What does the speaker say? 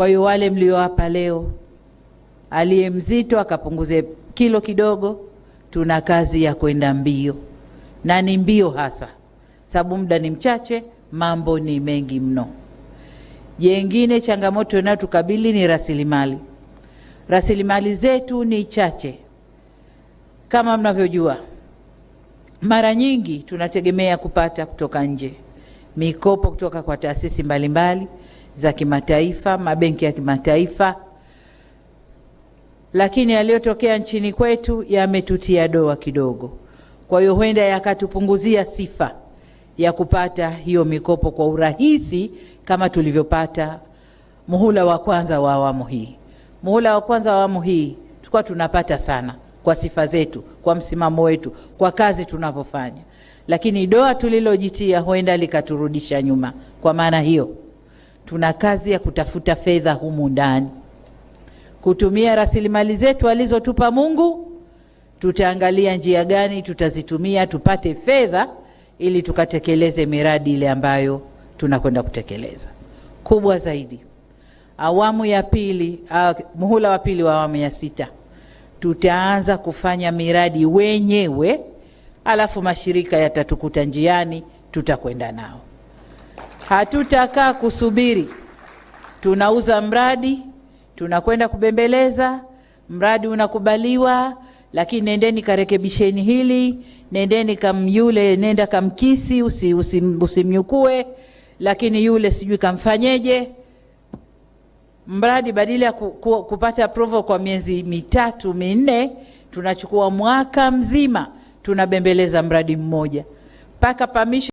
Kwa hiyo wale mliowapa leo, aliye mzito akapunguze kilo kidogo. Tuna kazi ya kwenda mbio, na ni mbio hasa, sababu muda ni mchache, mambo ni mengi mno. Jengine, changamoto inayotukabili ni rasilimali. Rasilimali zetu ni chache, kama mnavyojua, mara nyingi tunategemea kupata kutoka nje, mikopo kutoka kwa taasisi mbalimbali mbali za kimataifa, mabenki ya kimataifa, lakini yaliyotokea nchini kwetu yametutia doa kidogo. Kwa hiyo huenda yakatupunguzia sifa ya kupata hiyo mikopo kwa urahisi kama tulivyopata muhula wa kwanza wa awamu hii. Muhula wa kwanza wa awamu hii tulikuwa tunapata sana kwa sifa zetu, kwa msimamo wetu, kwa kazi tunavyofanya, lakini doa tulilojitia huenda likaturudisha nyuma. Kwa maana hiyo tuna kazi ya kutafuta fedha humu ndani, kutumia rasilimali zetu alizotupa Mungu. Tutaangalia njia gani tutazitumia tupate fedha ili tukatekeleze miradi ile ambayo tunakwenda kutekeleza kubwa zaidi. Awamu ya pili, uh, muhula wa pili wa awamu ya sita tutaanza kufanya miradi wenyewe, alafu mashirika yatatukuta njiani, tutakwenda nao. Hatutakaa kusubiri, tunauza mradi, tunakwenda kubembeleza, mradi unakubaliwa, lakini nendeni karekebisheni hili, nendeni kam yule, nenda kamkisi, usimnyukue, usi, usi lakini yule sijui kamfanyeje mradi badala ya ku, ku, kupata approval kwa miezi mitatu minne, tunachukua mwaka mzima tunabembeleza mradi mmoja mpaka pamisha